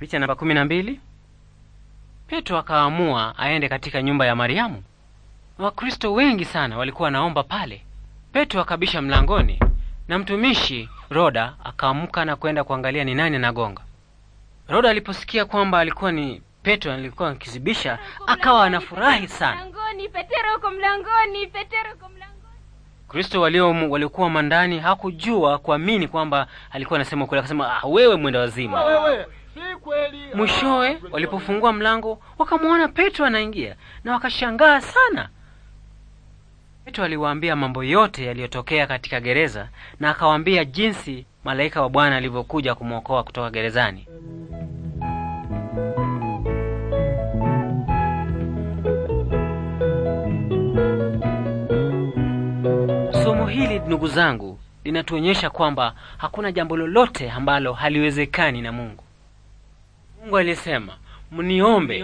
Picha namba kumi na mbili. Petro akaamua aende katika nyumba ya Mariamu. Wakristo wengi sana walikuwa naomba pale. Petro akabisha mlangoni na mtumishi Roda akaamka na kwenda kuangalia ni nani anagonga. Roda aliposikia kwamba alikuwa ni Petro alikuwa akizibisha, akawa anafurahi sana. Mlangoni, uko mlangoni, uko mlangoni. Kristo walio waliokuwa mandani hakujua kuamini kwamba alikuwa anasema kweli, akasema ah, wewe mwenda wazima Wewe. Mwishowe walipofungua mlango wakamwona Petro anaingia na wakashangaa sana. Petro aliwaambia mambo yote yaliyotokea katika gereza na akawaambia jinsi malaika wa Bwana alivyokuja kumwokoa kutoka gerezani. Somo hili ndugu zangu, linatuonyesha kwamba hakuna jambo lolote ambalo haliwezekani na Mungu. Mungu alisema mniombe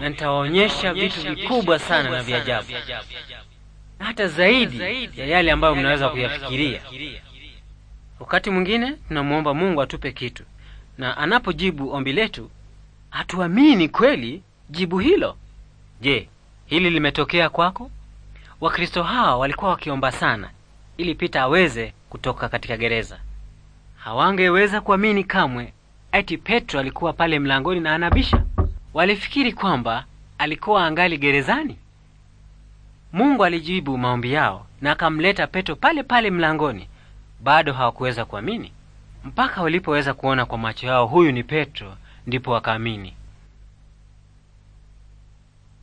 na nitawaonyesha vitu vikubwa sana na vya ajabu, na hata zaidi ya yale ambayo mnaweza kuyafikiria. Wakati mwingine tunamwomba Mungu atupe kitu, na anapojibu ombi letu hatuamini kweli jibu hilo. Je, hili limetokea kwako? Wakristo hawa walikuwa wakiomba sana ili Pita aweze kutoka katika gereza. Hawangeweza kuamini kamwe eti Petro alikuwa pale mlangoni na anabisha. Walifikiri kwamba alikuwa angali gerezani. Mungu alijibu maombi yao na akamleta Petro pale pale mlangoni. Bado hawakuweza kuamini mpaka walipoweza kuona kwa macho yao, huyu ni Petro, ndipo wakaamini.